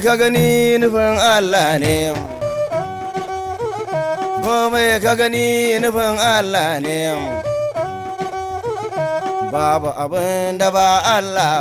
ka gani nufin Allah ne komai ka gani nufin Allah ne babu abin da ba Allah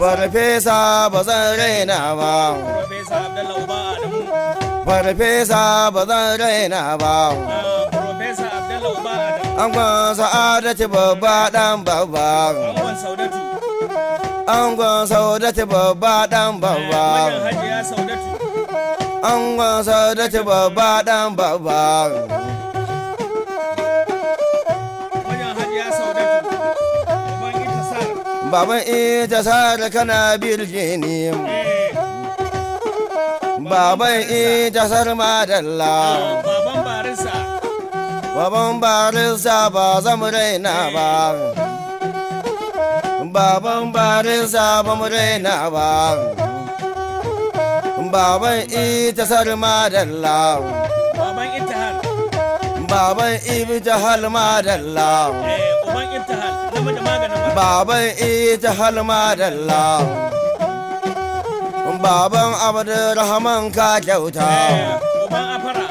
ba fesa ba zan raina ba fesa ba zan raina ba an kwan sa'adati babba dan babba angon saudati babba dan babba eh, angon saudati babba dan babba baban ita sada kana birjini eh. baban ita sarma dalla baban barisa ba zan raina ba baban barin sabon mu raina ba baban ita sar dalla baban intihal baban ibtihal ma dalla eh, uban intihal game da maganin baban ibtihal ma dalla baban abdurrahman ka kyauta eh, uban afara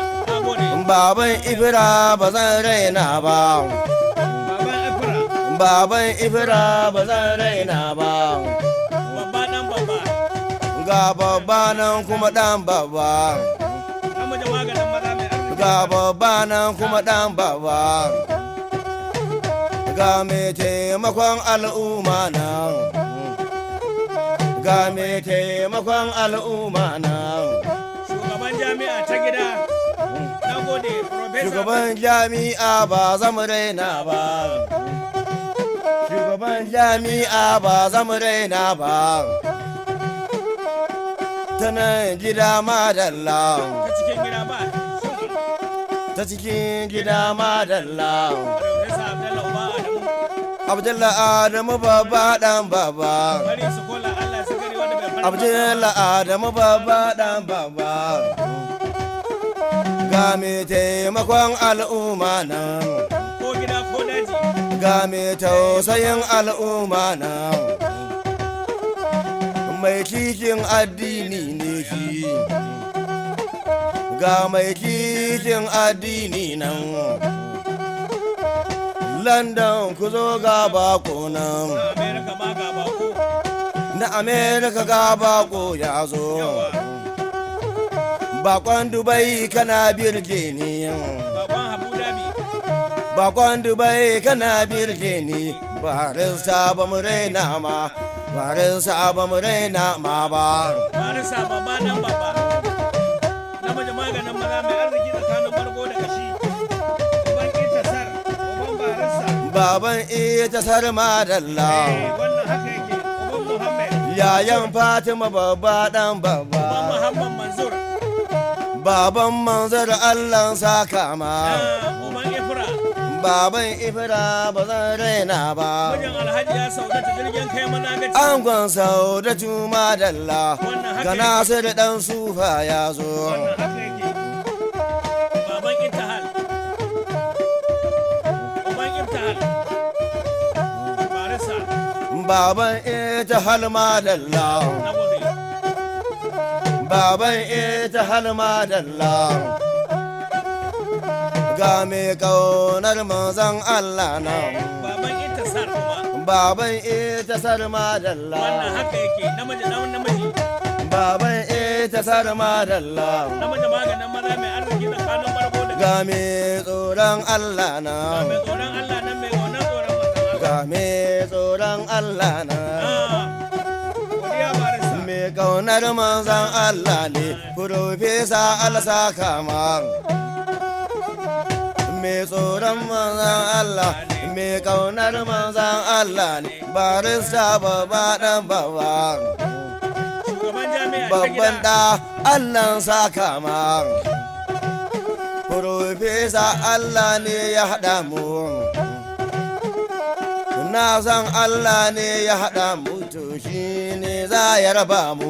baban ibra ba zan raina ba baban ibra ba zan raina ba ga babba nan kuma dan babba ga babba nan kuma dan babba ga mai taimakon al'umma nan ga mai taimakon al'umma nan shugaban jami'a ta gida na gode shugaban jami'a ba zamu raina ba Shugaban jami'a ba za raina ba. Ta nan gida madalla. Ta cikin gida ba. Ta cikin madalla. Adamu baba dan baba. abdullahi Adamu baba dan baba. Ga mai taimakon al'umma nan. ga mai tausayin al'umma na mai kikin addini ne shi. ga mai kikin addini nan london ku zo ga bako nan na america ga bako ya zo bakon dubai kana birge ne bakon dubai kana birge ni barin saba mu raina ma barin saba mu raina ma ba barin saba ba nan baba namiji maganin maza mai arziki tsakanin da kashi sar madalla eh, yayan fatima babba dan babba baban muhammad manzur baban manzur allah saka ma ah. baban ibra ba zan raina ba an alhaji ya saudata jirgin kai ga nasir dan sufa ya zo baban intihal baban intihal barisa baban intihal madalla baban ga mai kaunar manzon Allah na baban ita sarma baban ita sarma dalla wannan haka yake namiji namiji baban ita sarma dalla namiji maganin maza mai arziki da kanun barko da ga mai tsoron Allah na ga mai tsoron Allah na mai gona tsoron wata ga mai tsoron Allah na mai kaunar manzan ah, Allah ne furofesa alsa kama mai tsoron manzan Allah mai kaunar manzan Allah ne barista babba dan baba babban da Allah sa kama Profesa Allah ne ya haɗa mu na san Allah ne ya haɗa mu to shi ne za ya raba mu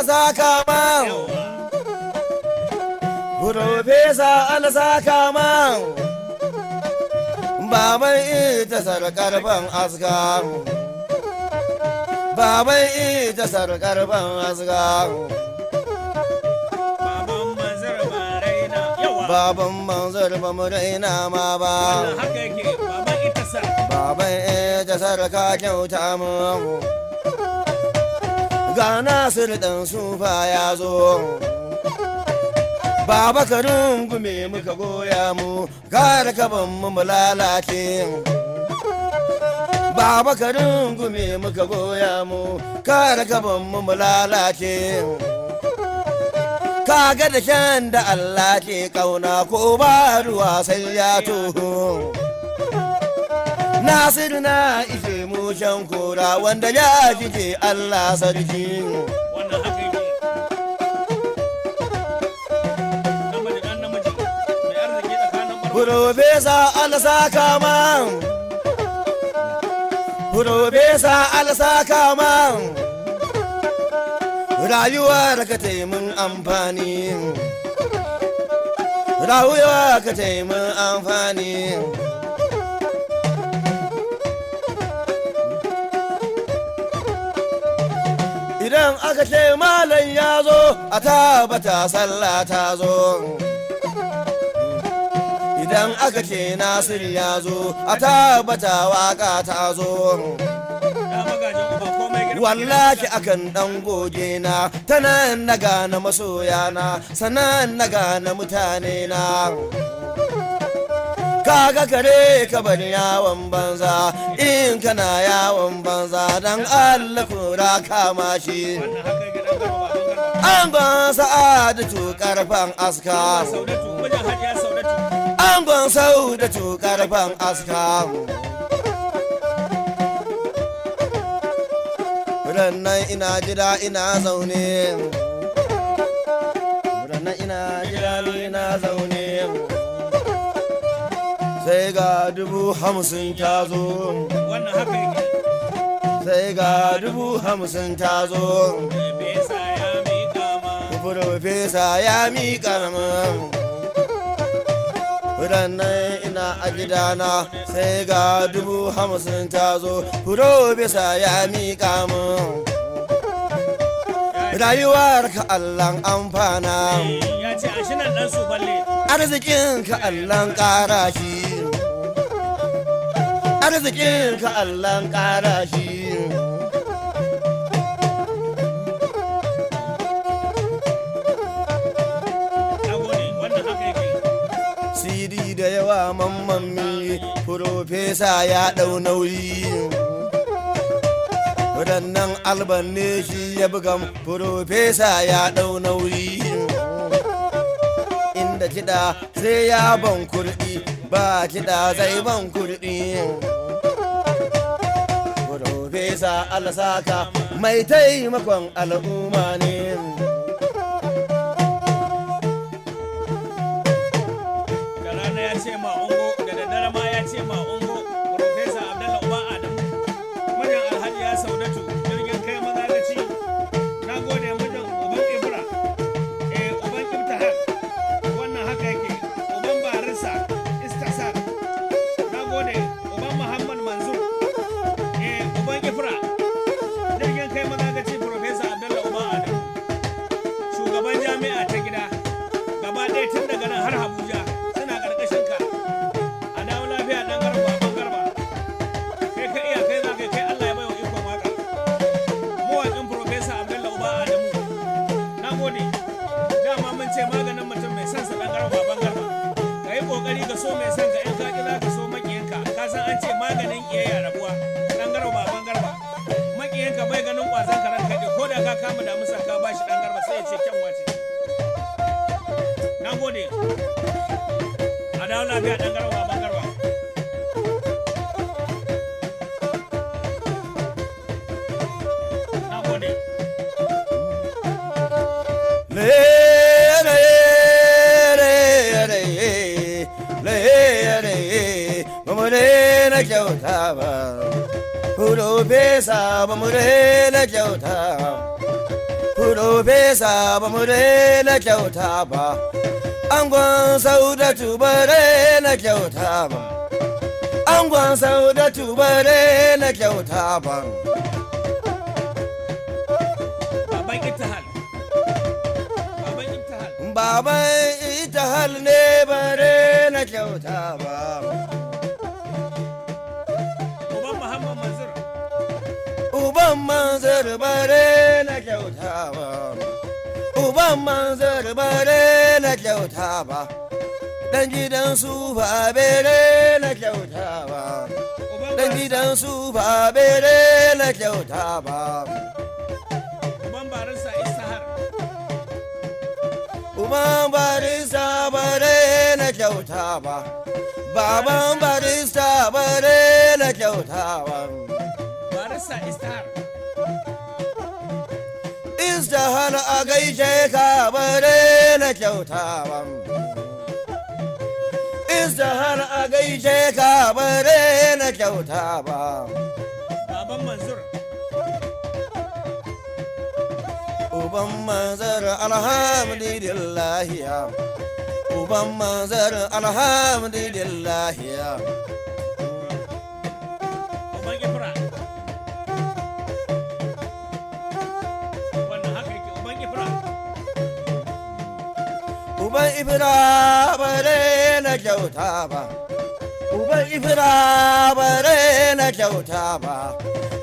an saka ma Profesa an saka ma Baban ita sarkar ban Ba Baban ita sarkar ban asgar Baban manzar ba mu raina ma ba Baban ita sarka kyauta mu ga nasir dan sufa ya zo baba ka gume muka goya mu ka kaban mu lalace baba ka gume muka goya mu ka kaban mu lalace kaga da shan da Allah ke kauna ko ba ruwa sai ya toho nasir na ife tushen kora wanda ya kike Allah sarki Profesa Alsa Kaman Profesa Alsa Kaman Rayuwar ka taimun amfani Rayuwar ka taimun amfani idan aka ce malam ya zo a tabata sallah ta zo idan aka ce nasir ya zo a tabata waka ta zo wallahi akan dan goge na tana na gane masoya na sanan na gane mutane na kaga kare ka bar yawon banza in kana yawon banza dan Allah kura kama shi an ban sa'adatu karfan aska an ban saudatu karfan aska rannan ina jira ina zaune rannan ina jira ina zaune sai ga dubu hamsin ta zo sai ga dubu hamsin ta zo fesa ya miƙa min Furannan ina a gidana sai ga dubu hamsin ta zo, furo bisa ya miƙa min. Rayuwar ka Allahn amfana. Ya Arzikin ka allan ƙara shi. arzikin ka allah ƙara shi sidi da yawa mamman mi profesa ya ɗau nauyi waɗannan alban shi ya bugan profesa ya ɗau nauyi inda kiɗa sai ya ban kurɗi ba kiɗa zai ban kurɗi sa Allah saka mai taimakon al'umma ne. wasan karan kai ko da ka kama da musa ka bashi dan garba sai ya ce kyan wace na gode a dawo lafiya dan garba ba garba na gode kyauta ba Kuro fesa ba mu na kyauta. Kuro fesa ba mu na kyauta ba. Angon saudatu ba na kyauta ba. Angon saudatu ba na kyauta ba. Baban hal Baban Ittihal. Baban ne ba na kyauta ba. uban manzar bare na kyauta ba uban manzar bare na kyauta ba dan gidan su ba bere na kyauta ba dan gidan su ba bere na kyauta ba uban barisa isahar uban barisa bare na kyauta ba baban barista bare na kyauta ba Is star istahan a gaishe ka bare na kyautawa istahan a gaishe ka bare na kyautawa baban manzur uban manzar alhamdulillahi uban manzar ya. uban ibira bare na kyauta ba uban ibira bare na kyauta ba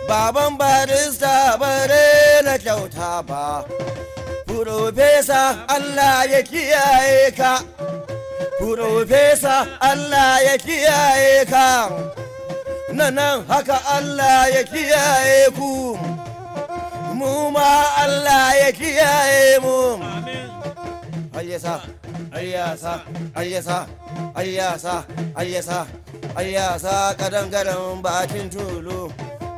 baban barista bare na kyauta ba Furofesa Allah ya kiyaye ka Furofesa Allah ya kiyaye ka nan haka Allah ya kiyaye ku mu ma Allah ya kiyaye mu Amin. ayyasa ayyasa ayyasa ayyasa ayyasa kadan gadan bakin tulu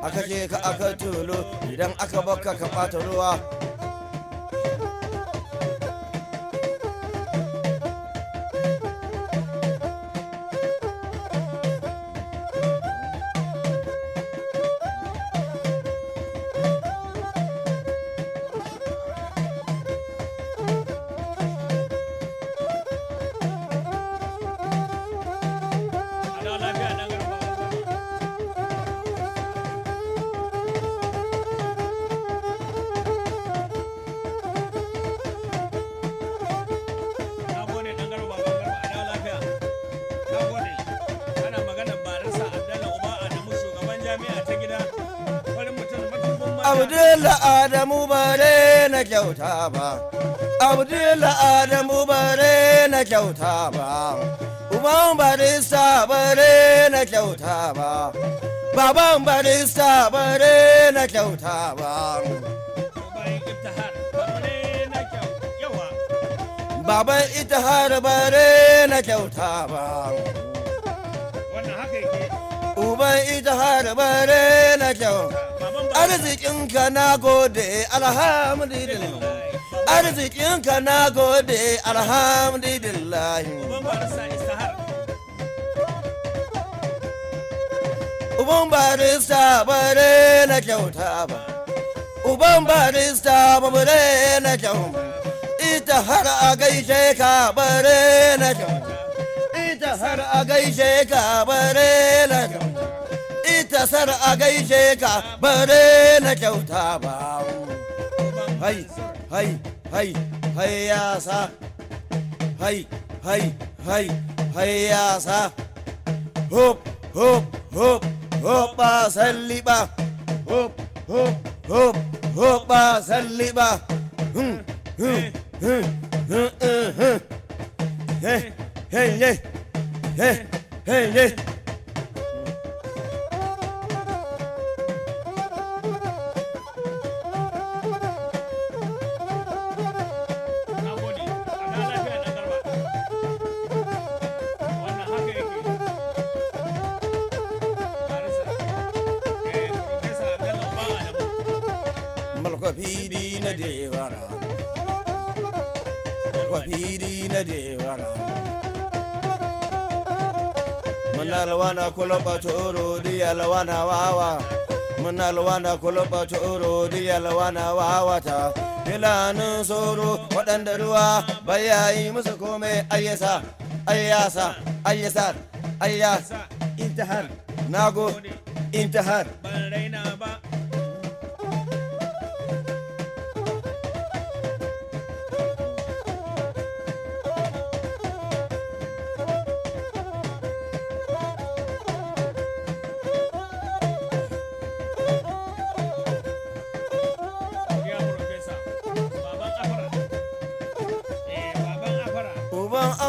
aka ce ka aka tulu idan aka baka ka ɓata ruwa abdulla adamu bare na kyauta ba abdulla adamu bare na kyauta ba uban barista bare na kyauta ba baban barista bare na kyauta ba baban ita har bare na kyauta ba uban ita har bare na kyauta arzikinka na gode alhamdulillah arzikinka na gode alhamdulillah uban barista bare na kyauta ba uban barista bare na kyauta ita har a gaishe ka bare na kyauta ita har a gaishe ka bare na kyauta tasar a gaishe ka bare na kyauta ba hai hai hai hai ya sa hai hai hai hai ya sa hop hop hop hop ba salli ba hop hop hop hop ba salli ba hmm hmm hmm hmm hmm, hmm. hey hey hey hey hey hey yalwana wawa muna alwana kuluba coro di alwana wawata filanin tsoro, waɗanda ruwa bayayi musu komai ayyasa ayyasa ayyasa ayyasa intihar nago intihar ban raina ba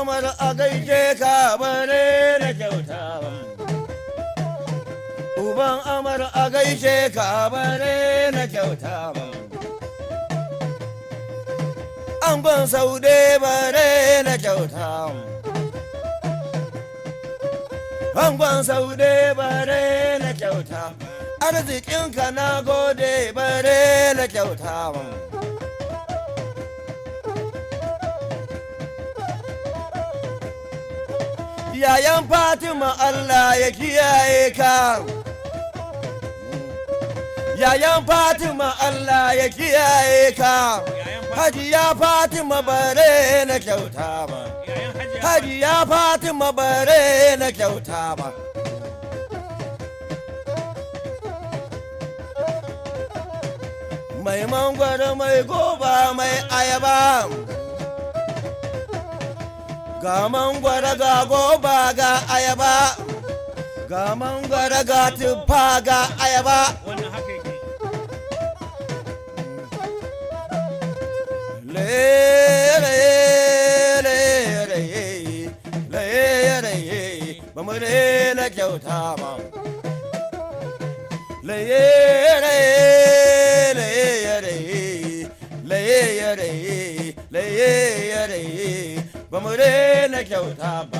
kamar a gaike ka bare da kyauta. Uban Amar a gaishe ka bare na kyauta. An ban saude bare na kyauta. An ban saude bare na kyauta. Arzikinka na gode bare na kyauta. yayan fatima allah ya kiyaye ka yayan fatima allah ya kiyaye ka hajiya fatima bare na kyauta ba hajiya fatima bare na kyauta ba mai mangwaro mai goba mai ayaba ga mangwara ga goba ga ayaba ga mangwara ga tuffa ga ayaba ba mu na kyauta ba laye lay ba mu daina kyauta ba